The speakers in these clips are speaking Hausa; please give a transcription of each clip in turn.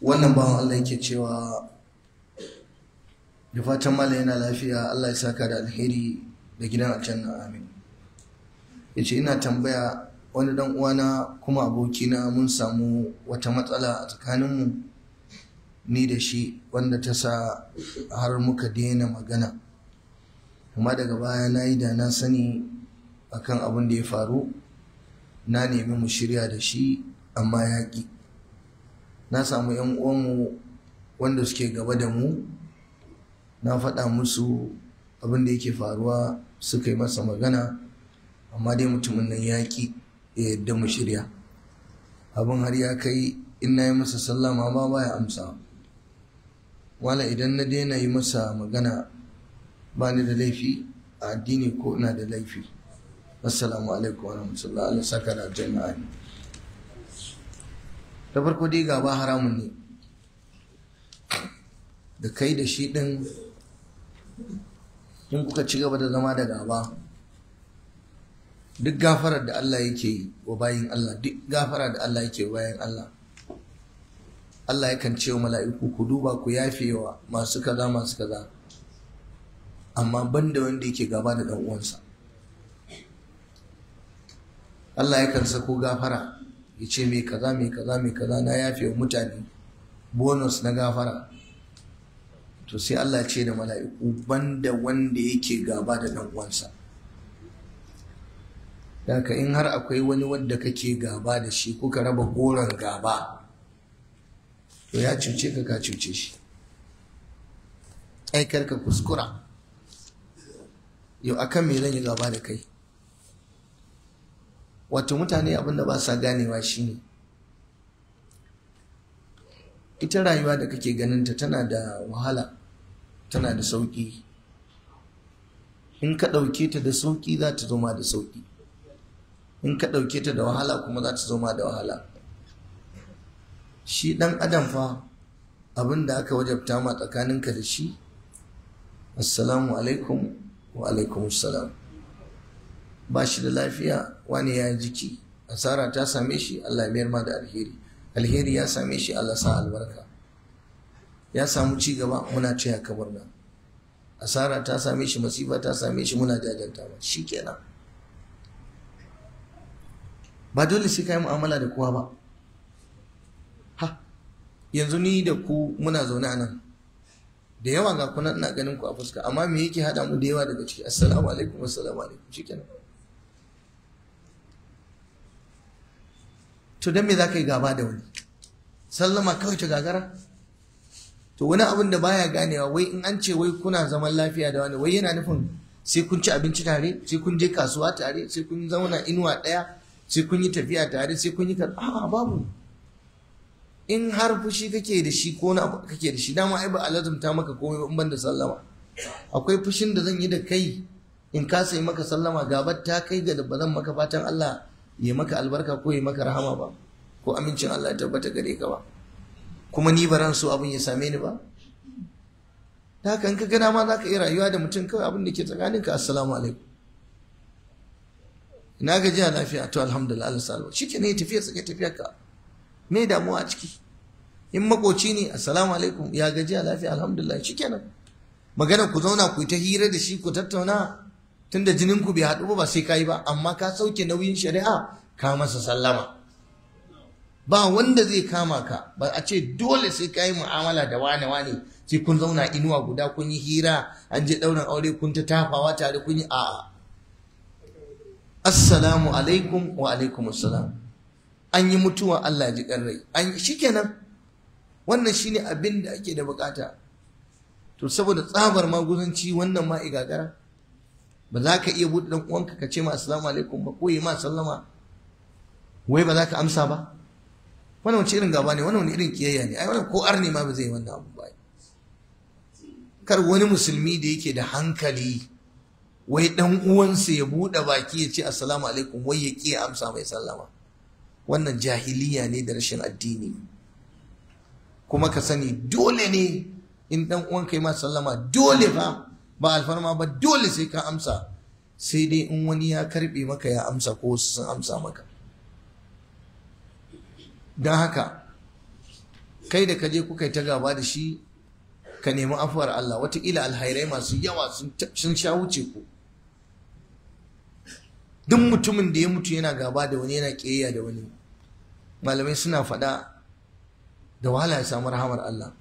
wannan bawan Allah yake cewa da fatan mala yana lafiya Allah ya saka da alheri da gidan aljanna amin ya ce ina tambaya wani dan uwana kuma abokina mun samu wata matsala a tsakaninmu ni da shi wanda ta sa har muka daina magana kuma daga baya na yi da na sani akan abin da ya faru na nemi mu shirya da shi amma ya ƙi na samu 'yan uwanmu wanda suke gaba da mu na faɗa musu abin da yake faruwa suka yi masa magana amma dai mutumin nan ya ƙi ya yadda mu shirya abin har ya kai in na yi masa sallama ma ya amsa wala idan na daina yi masa magana ba ni da laifi a addini ko ina da laifi assalamu alaikum wa rahmatullahi ala saka jana'a Ta farko dai gaba haramun ne da kai da shi ɗin in kuka ci gaba da zama da gaba duk gafarar da Allah yake yi wa bayin Allah duk gafara da Allah yake wa bayin Allah Allah yakan ce wa mala'iku ku duba ku yafe wa masu kaza masu kaza amma banda wanda yake gaba da ɗan uwansa Allah ya kan sako gafara ya ce mai kaza mai kaza mai kaza na yafe wa mutane bonus na gafara to sai Allah ce da mala'iku banda wanda yake gaba da dan uwansa Daka in har akwai wani wanda kake gaba da shi kuka raba goron gaba to ya cuce ka ka cuce shi aikar ka kuskura yau akan me zan yi gaba da kai wato mutane abin da ba sa ganewa shine ita rayuwa da kake ganinta tana da wahala tana da sauƙi in ka ɗauke ta da sauƙi za ta zoma da sauƙi in ka ɗauke ta da wahala kuma za ta zoma da wahala shi ɗan adam fa abin da aka wajabta ma tsakaninka da shi assalamu alaikum wa alaikum salam ba shi da lafiya wani ya jiki asara ta same shi Allah ya ma da alheri alheri ya same shi Allah sa albarka ya samu ci gaba muna taya kabar nan. asara ta same shi masifa ta same shi muna jajanta ba shi kenan. ba dole sai ka yi mu'amala da kowa ba ha yanzu ni da ku muna zaune a nan da yawa ga kuna ina ganin ku a fuska amma me yake haɗa mu da yawa daga ciki assalamu alaikum assalamu alaikum shikenan to don me za ka yi gaba da wani sallama kawai ta gagara to wani abin da baya ganewa wai in an ce wai kuna zaman lafiya da wani wai yana nufin sai kun ci abinci tare sai kun je kasuwa tare sai kun zauna inuwa ɗaya sai kun yi tafiya tare sai kun yi kar a babu in har fushi kake da shi ko na kake da shi dama ai ba ta maka komai ba in ban da sallama akwai fushin da zan yi da kai in ka sai maka sallama gabar ta kai ga da ba zan maka fatan Allah Yi maka albarka ko ya maka rahama ba ko amincin Allah ya tabbata gare ka ba kuma ni baran so abin ya same ni ba da kan ka gana ma za ka iya rayuwa da mutum kawai abin da ke tsakaninka assalamu alaikum ina ga jiya lafiya to alhamdulillah Allah salwa shi ke ne tafiya sake tafiya ka me damuwa a ciki in makoci ne assalamu alaikum ya gajiya lafiya alhamdulillah shikenan magana ku zauna ku ta hira da shi ku tattauna tunda jinin ku bai haɗu ba sai kai ba amma ka sauke nauyin shari'a ka masa sallama ba wanda zai kama ka ba a ce dole sai ka mu'amala da wane wane sai kun zauna inuwa guda kun yi hira an je ɗaurin aure kun ta tafawa tare kun yi a'a assalamu alaikum wa alaikum assalam an yi mutuwa Allah ji rai an kenan wannan shine abin da ake da bukata to saboda tsabar maguzanci wannan ma igagara ba za ka iya buɗe ɗan uwanka ka ce ma assalamu alaikum ba ko yi ma sallama wai ba za ka amsa ba wannan wace irin gaba ne wannan wani irin kiyayya ne ai wannan ko arni ma ba zai yi wannan abu ba kar wani musulmi da yake da hankali wai ɗan uwansa ya buɗe baki ya ce assalamu alaikum wai ya ƙi amsa mai sallama wannan jahiliya ne da rashin addini kuma ka sani dole ne in ɗan uwanka yi ma sallama dole ba. ba alfarma ba dole sai ka amsa sai dai in wani ya karbe maka ya amsa ko wasu sun amsa maka don haka kai da kaje kuka yi ta gaba da shi ka nemi afuwar Allah wataƙila alhairai masu yawa sun sha wuce ku duk mutumin da ya mutu yana gaba da wani yana ƙeya da wani malamai suna faɗa da wahala ya samu rahamar Allah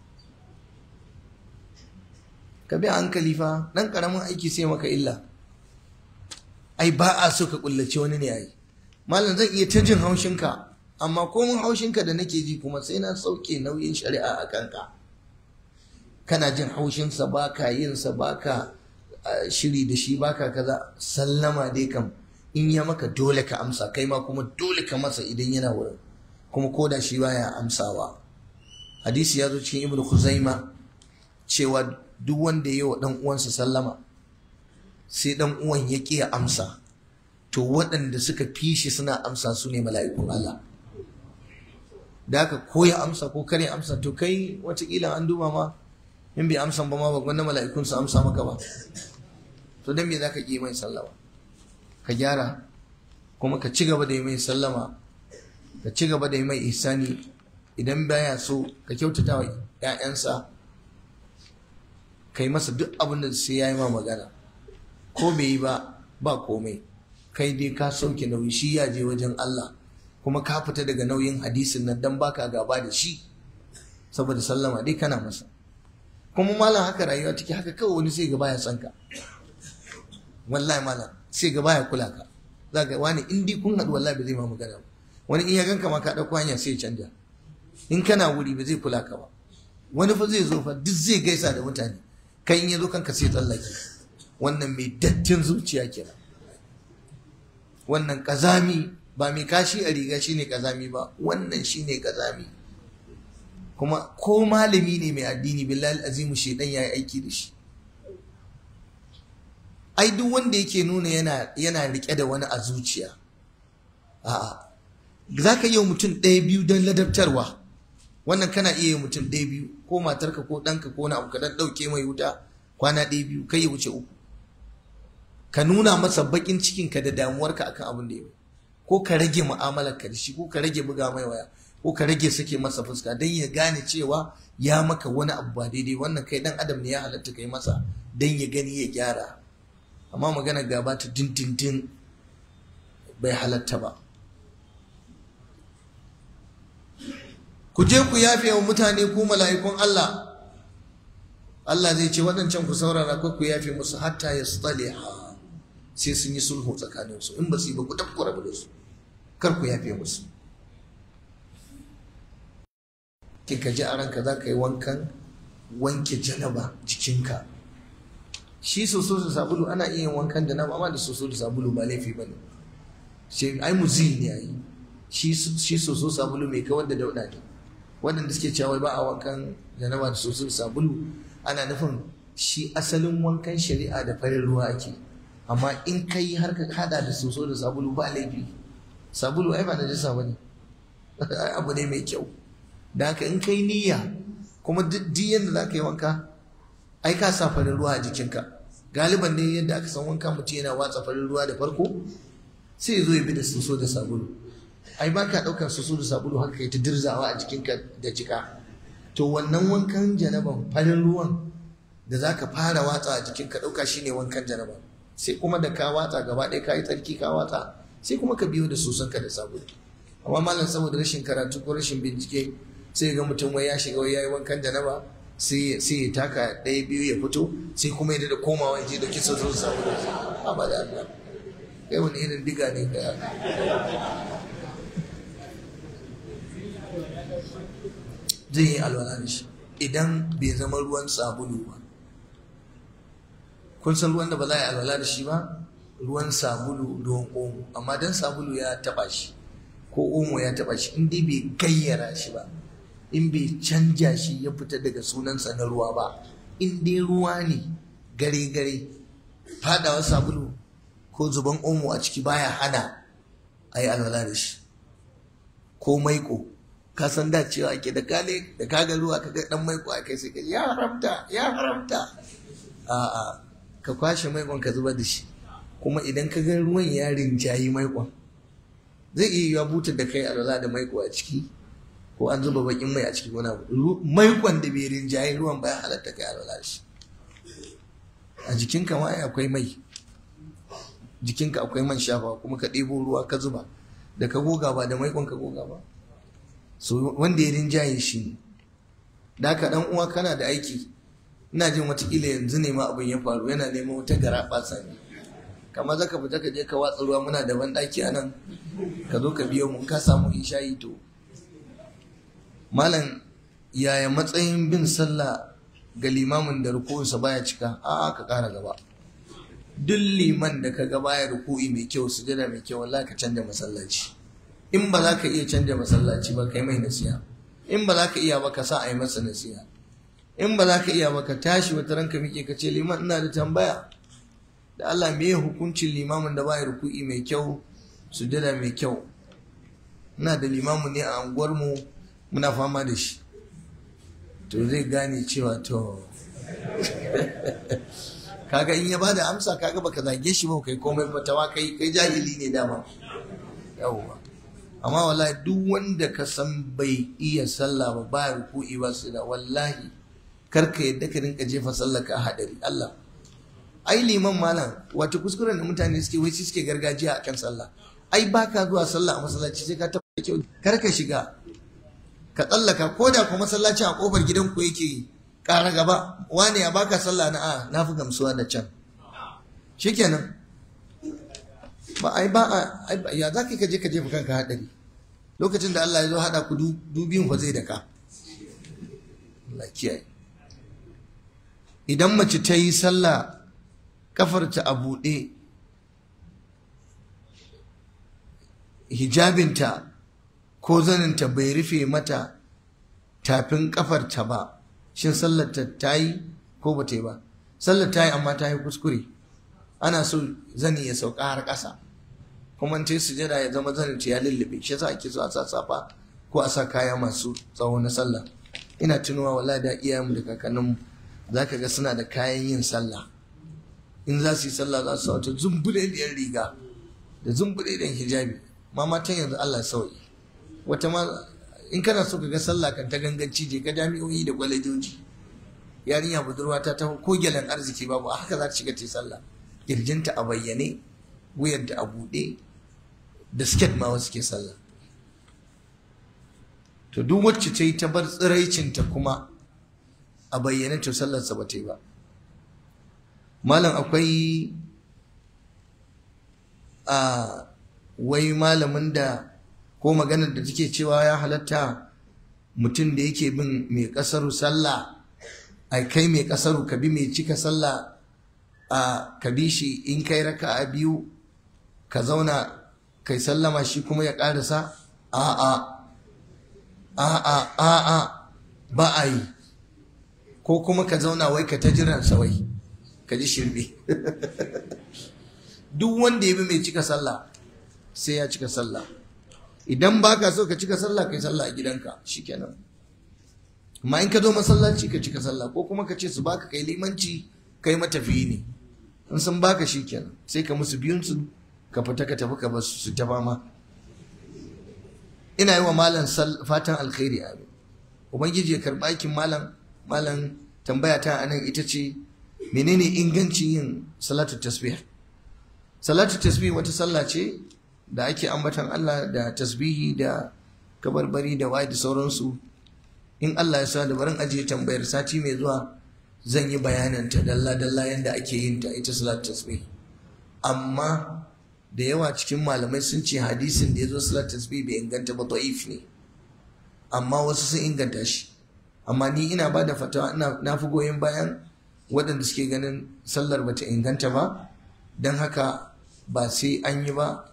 ka bi hankali fa dan karamin aiki sai maka illa ai ba a so ka kullace wani ne ai malam zan iya ta jin haushinka amma komin haushinka da nake ji kuma sai na sauke nauyin shari'a a kanka kana jin haushinsa baka yinsa baka shiri da shi baka kaza sallama dai kam in ya maka dole ka amsa kai ma kuma dole ka masa idan yana wurin kuma ko da shi baya amsawa hadisi ya zo cikin ibnu khuzaima cewa duk wanda ya wa ɗan uwansa sallama sai ɗan uwan ya ƙi ya amsa to waɗanda suka fi shi suna amsa su ne mala'ikun Allah da aka koya amsa ko kare amsa to kai watakila an duba ma in bai amsa ba ma ba gwanda mala'ikun su amsa maka ba to dan me za ka ƙi mai sallama ka gyara kuma ka ci gaba da yi mai sallama ka ci gaba da yi mai ihsani idan baya so ka kyautata wa 'ya'yansa Ka yi masa duk abin da sai ya yi ma magana ko bai yi ba ba komai kai dai ka sauke nauyi shi ya je wajen Allah kuma ka fita daga nauyin hadisin nan dan baka gaba da shi saboda sallama dai kana masa kuma malam haka rayuwa take haka kawai wani sai gaba ya san ka wallahi malam sai gaba ya kula ka za ka wani in dai kun haɗu wallahi ba zai ma magana ba wani in ya ganka ma ka ɗauko hanya sai ya canja in kana wuri ba zai kula ka ba wani fa zai zo fa duk zai gaisa da mutane kai in ya zo kanka sai tsallake wannan mai dattin zuciya kenan wannan kazami ba mai kashi a riga shine kazami ba wannan shine kazami kuma ko malami ne mai addini billahi azimu shedan yayi aiki da shi ai duk wanda yake nuna yana rike da wani a zuciya a'a zaka yi mutum ɗaya biyu don ladabtarwa wannan kana iya yi mutum ɗaya biyu ko matarka ko ɗanka ko na abu kaɗan ɗauke mai wuta kwana ɗaya biyu kai ya wuce uku ka nuna masa baƙin cikinka da damuwarka akan abin da ya ko ka rage mu'amalar ka da shi ko ka rage buga mai waya ko ka rage sake masa fuska don ya gane cewa ya maka wani abu ba daidai wannan kai dan adam ne ya halatta kai masa don ya gani ya gyara amma magana gaba ta dindindin bai halatta ba ku je ku yafe wa mutane ku mala'ikun Allah Allah zai ce waɗancan ku saurara ko ku yafe musu hatta ya tsaliha sai sun yi sulhu tsakaninsu in ba su yi ba ku tafkura da su kar ku yafe musu ki ka ji a ranka za ka yi wankan wanke janaba jikinka shi soso da sabulu ana iya yin wankan da nama amma da soso da sabulu ba laifi ba ne ai muzi ne yi. shi soso sabulu mai kawar da dauɗa ne waɗanda suke cewa ba a wankan janaba da soso sabulu ana nufin shi asalin wankan shari'a da farin ruwa ake amma in ka yi har ka hada da soso da sabulu ba laifi sabulu ai ba na jisa ba abu ne mai kyau da haka in ka yi niyya kuma duk yadda za ka yi wanka ai ka sa farin ruwa a jikinka galiban ne yadda aka san wanka mutum yana watsa farin ruwa da farko sai ya zo ya bi da soso da sabulu ai ba ka ɗaukar su da sabulu haka kai ta dirzawa a jikinka da jika to wannan wankan janaban farin ruwan da za ka fara watsa a jikinka ɗauka shi ne wankan janaban sai kuma da ka watsa gaba ɗaya ka yi tsarki ka watsa sai kuma ka biyo da ka da sabulu amma malam saboda rashin karatu ko rashin bincike sai ga mutum wai ya shiga wai ya yi wankan janaba sai ya taka ɗaya biyu ya fito sai kuma ya da komawa ya je da kisa zuwa sabulu da Allah kai wani irin diga ne ka zai yi alwala da shi idan bai zama ruwan sabulu ba kun san ruwan da ba za a yi alwala da shi ba ruwan sabulu ruwan omo amma dan sabulu ya taba shi ko omo ya taba shi in dai bai gayyara shi ba in bai canja shi ya fita daga sunansa na ruwa ba in dai ruwa ne gare gare fadawa sabulu ko zuban omo a ciki baya hana a yi alwala da shi ko maiko ka san da cewa ke da kale da kaga ruwa ka ga dan maiko akai sai ka ya haramta ya haramta a'a ka kwashe maikon ka zuba da shi kuma idan ka ga ruwan ya rinjayi maikon zai iya yiwa butar da kai alwala da maiko a ciki ko an zuba bakin mai a ciki wani abu maikon da bai rinjayi ruwan bai halatta kai alwala da shi a jikinka ma akwai mai jikinka akwai man shafa kuma ka ɗebo ruwa ka zuba da ka goga ba da maikon ka goga ba so wanda ya rinjaye shi da Daka dan uwa kana da aiki ina jin watakila yanzu ne ma abin ya faru yana neman wata gara ɓasa ne kamar zaka fita ka je ka watsa ruwa muna da ban daki anan ka zo ka biyo mun ka samu ishayi to malam yaya matsayin bin sallah ga limamin da rukunsa baya cika a ka kara gaba duk liman da ka ga baya ruku'i mai kyau sujada mai kyau wallahi ka canja masallaci in ba za ka iya canja masallaci ba kai mai nasiya in ba za ka iya ba ka sa a yi masa nasiha in ba za ka iya ba ka tashi wata ranka miƙe ka ce liman ina da tambaya da Allah me hukuncin limamin da baya ruku'i mai kyau sujada mai kyau ina da limamu ne a anguwar mu muna fama da shi to zai gane cewa to kaga in ya da amsa kaga baka zage shi ba kai komai tawa kai kai jahili ne dama yawwa amma wallahi duk wanda ka san bai iya sallah ba ba ruku'i ba su da wallahi karka yadda ka rinka jefa sallah ka hadari Allah ai liman malam wato kuskuren da mutane suke wai suke gargajiya akan sallah ai baka zuwa sallah a masallaci sai ka tabbata kyau karka shiga ka tsallaka ko da kuma masallaci a kofar gidan ku yake kara gaba wane ya baka sallah na a na gamsuwa da can shikenan ba ai ba ya za ka je ka jefa kanka haɗari lokacin da Allah ya zo haɗa ku dubin ba zai da ka idan mace ta yi sallah kafarta a buɗe hijabinta ko zaninta bai rufe mata tafin kafarta ba shin sallar ta yi ko ba ta yi ba sallar ta yi amma ta yi kuskure ana so zani ya sauka har ƙasa kuma ta yi sujada ya zama zanin ya lullube shi yasa ake so a sa safa ko a sa kaya masu tsawo na sallah ina tunawa wala da iyayenmu da mu za ka ga suna da kayan yin sallah in za su yi sallah za su sa wata yan riga da da hijabi ma matan yanzu Allah sauyi wata ma in kana so ka ga sallah kan ta ganganci je ka jami'o'i da kwalejoji yarinya budurwa ta ta ko gyalen arziki babu a haka za ta shiga ta yi sallah kirjinta a bayyane wuyar da a buɗe Da siket ma wasu ke sallah to duk wacce ta yi ta bar tsiraicinta kuma a bayyane to sallarsa ba ta yi ba malam akwai a wai malamin da ko maganar da take cewa ya halatta mutum da yake bin mai kasaru sallah a kai mai kasaru ka bi mai cika sallah a ka bi shi in kai raka a biyu ka zauna kai sallama shi kuma ya ƙarisa a'a a'a a'a ba a yi ko kuma ka zauna wai ka ta jiran sawai ka ji shirme duk wanda ya bi mai cika sallah sai ya cika sallah idan ba ka so ka cika sallah kai sallah a gidanka shikenan amma in ka zo masallaci ka cika sallah ko kuma ka ce su baka kai limanci kai matafiyi ne in sun baka shikenan sai ka musu biyun su ka fita ka tafi ka ba su ta fama ina yi wa malam fatan alkhairi amin ubangiji ya karɓa aikin malam malam tambaya ta anan ita ce menene ingancin yin salatu tasbih salatu tasbih wata sallah ce da ake ambatan Allah da tasbihi da kabarbari da waye da sauransu in Allah ya sa da barin ajiye tambayar sati mai zuwa zan yi bayananta ta dalla dalla yanda ake yin ta ita salatu tasbih amma da yawa cikin malamai sun ce hadisin da ya zo salat tasbih bai inganta ba ta'if ne amma wasu sun inganta shi amma ni ina ba da fatawa na fi goyon bayan waɗanda suke ganin sallar bata inganta ba don haka ba sai an yi ba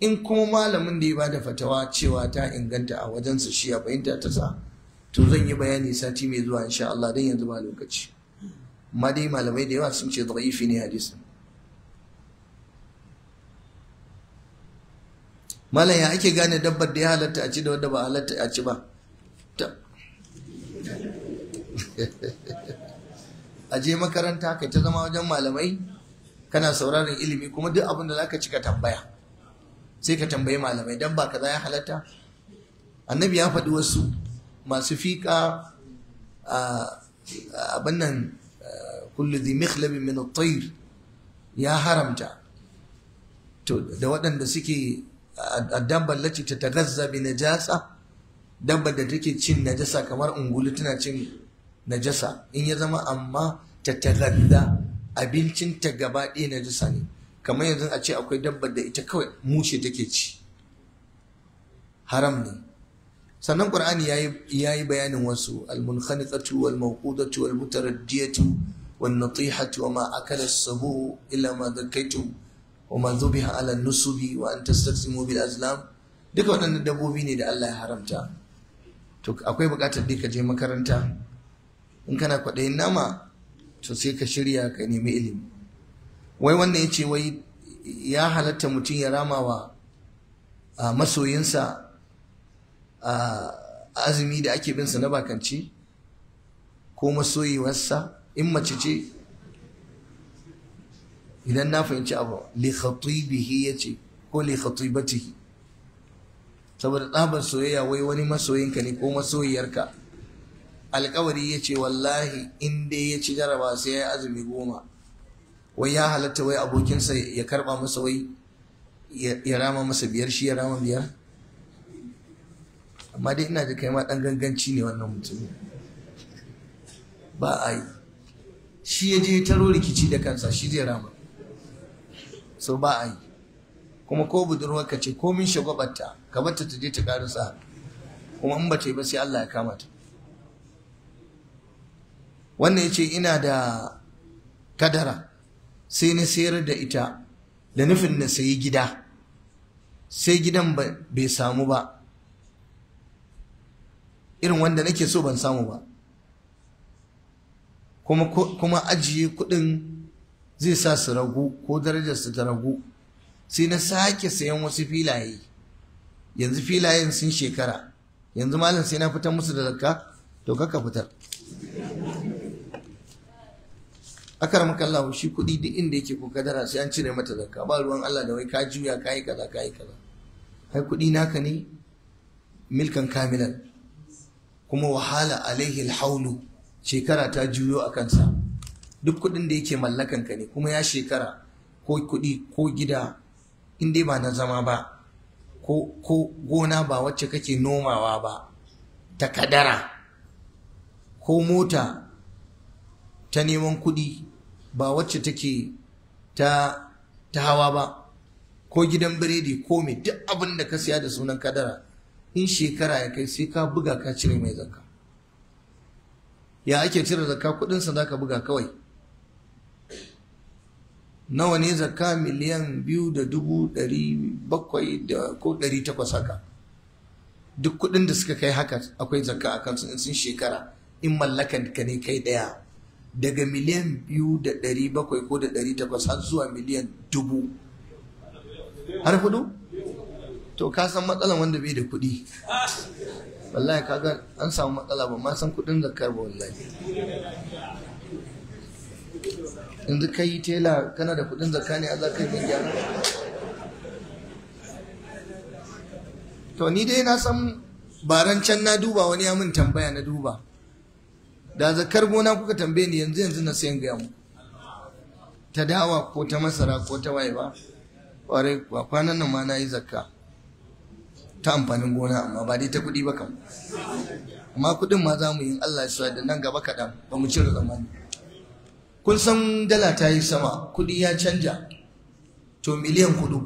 in kuma malamin da ya ba da fatawa cewa ta inganta a wajensa shi ya fahimta ta sa to zan yi bayani sati mai zuwa sha Allah don yanzu ba lokaci amma dai malamai da yawa sun ce da'ifi ne hadisin malam ya ake gane dabbar da ya halatta a ci da wadda ba halatta a ci ba a je makaranta kai ta zama wajen malamai kana sauraron ilimi kuma duk abin da za ka ci ka tambaya sai ka tambayi malamai don ba za ya halatta annabi ya faɗi wasu masu fiƙa abin nan kullu dhi mikhlabin min ya haramta da waɗanda suke A dabar lati ta tagazza bi najasa dabbar da take cin najasa kamar ungulu tana cin najasa in ya zama amma ta tagazza abincin ta gaba ɗaya najasa ne kamar yanzu a ce akwai dabbar da ita kawai mushe take ci haram ne sannan qur'ani ya yi bayanin wasu al-munkhaniqatu wal mawqudatu wal mutaraddiyatu wan natihatu wa ma akala as-sabu illa ma dhakaytum wa biyan ala nusubi wa an tastaqsimu bil azlam duka waɗannan dabbobi ne da Allah ya haramta to akwai buƙatar dai ka je makaranta in kana kwaɗayin nama to sai ka shirya ka nemi ilimi wai wannan ya ce wai ya halatta mutum ya rama wa masoyinsa azumi da ake binsa na bakanci ko masoyiwarsa in mace ce idan na fahimci abu li khatibihi yace ko li khatibatihi saboda tsabar soyayya wai wani masoyinka ne ko masoyiyarka alkawari yace wallahi in dai ya ci jaraba sai ya azumi goma wai ya halatta wai abokinsa ya karba masa wai ya rama masa biyar shi ya rama biyar amma dai ina da kai ma dan ganganci ne wannan mutum ba a yi shi ya je taro rikici da kansa shi zai rama so ba a yi kuma ko budurwarka ce ko min shagwabarta ka bata ta je ta sa kuma in ba ta yi ba sai Allah ya kama ta wannan ya ce ina da kadara sai na sayar da ita da nufin na sayi gida sai gidan bai samu ba irin wanda nake so ban samu ba kuma ajiye kuɗin. zai sa su ragu ko darajar su ta ragu sai na sake sayan wasu filaye yanzu filayen sun shekara yanzu malam sai na fitar musu da zakka to kaka fitar akar makallahu shi kuɗi duk inda yake ko kadara sai an cire mata zakka ba ruwan Allah da wai ka juya ka kaza ka kaza kai kuɗi naka ne milkan kamilan kuma wahala alaihi alhaulu shekara ta juyo a kansa duk kuɗin da yake mallakan ka ne kuma ya shekara ko kuɗi ko gida in dai ba na zama ba ko gona ba wacce kake nomawa ba ta kadara ko mota ta neman kuɗi ba wacce take ta ta hawa ba ko gidan biredi ko mai duk abin da ka siya da sunan kadara in shekara ya kai sai ka buga ka cire mai zakka ya ake cire zakka kuɗinsa za ka buga kawai nawa ne zakka miliyan biyu da dubu ɗari bakwai da ko ɗari takwas haka duk kuɗin da suka kai haka akwai zakka a kansu in sun shekara in mallakan ka ne kai ɗaya daga miliyan biyu da ɗari bakwai ko da ɗari takwas har zuwa miliyan dubu har hudu to ka san matsalan wanda bai da kuɗi wallahi kaga an samu matsala ba ma san kuɗin zakkar ba wallahi yanzu ka yi tela kana da kudin zakka ne Allah kai min gyara to ni dai na san baran can na duba wani ya min tambaya na duba da zakar gona kuka tambaye ni yanzu yanzu na sayan gaya mu ta dawa ko ta masara ko ta waye ba kwarai kuwa kwanan nan ma na yi zakka ta amfanin gona amma ba dai ta kuɗi ba kam amma kuɗin ma za mu yi Allah ya sa da nan gaba kaɗan ba mu cire zamani kun san dala ta yi sama kuɗi ya canja to miliyan kudu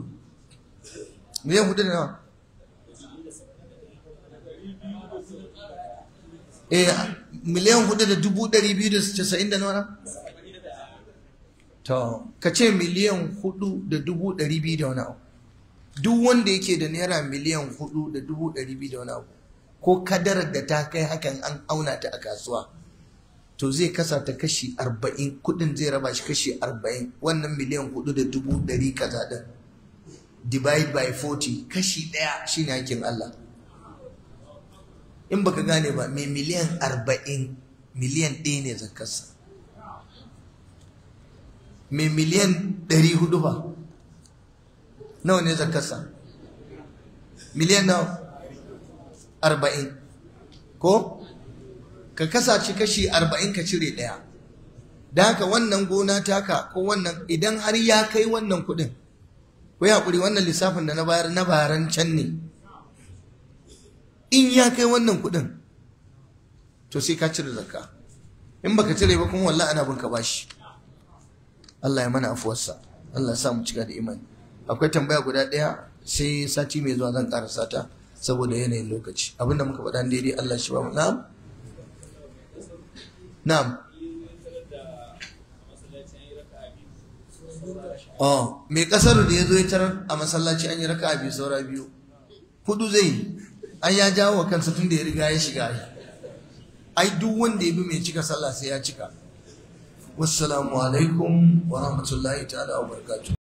miliyan kudu da nawa eh miliyan kudu da dubu ɗari biyu da casa'in da nawa to ka ce miliyan kudu da dubu ɗari biyu da wani abu duk wanda yake da naira miliyan hudu da dubu ɗari biyu da wani abu ko kadarar da ta kai hakan an auna ta a kasuwa to zai kasa ta kashi arba'in kudin zai raba shi kashi arba'in wannan miliyan hudu da dubu dari kaza din divide by 40 kashi daya shine hakin Allah in baka gane ba mai miliyan arba'in miliyan ɗaya ne zakarsa mai miliyan ɗari hudu ba nawa ne zakarsa miliyan nawa arba'in ko ka kasace kashi arba'in ka cire ɗaya da haka wannan gona taka ko wannan idan har ya kai wannan kuɗin ko ya ƙuri wannan lissafin da na bayar na baran can ne in ya kai wannan kuɗin to sai ka cire zakka in baka cire ba kuma wallahi ana binka bashi Allah ya mana afuwarsa Allah ya sa mu cika da imani akwai tambaya guda ɗaya sai sati mai zuwa zan ƙara sata saboda yanayin lokaci abinda muka faɗa daidai Allah shi ba mu na'am na'am oh, mai ƙasar da ya zo ya tarar a masallaci an yi raka biyu saura biyu hudu zai yi an ya jawo wa kansa tun da ya riga ya shiga ai duk wanda ya bi mai cika sallah sai ya cika wassalamu alaikum wa rahmatullahi ta'ala wa barakatuh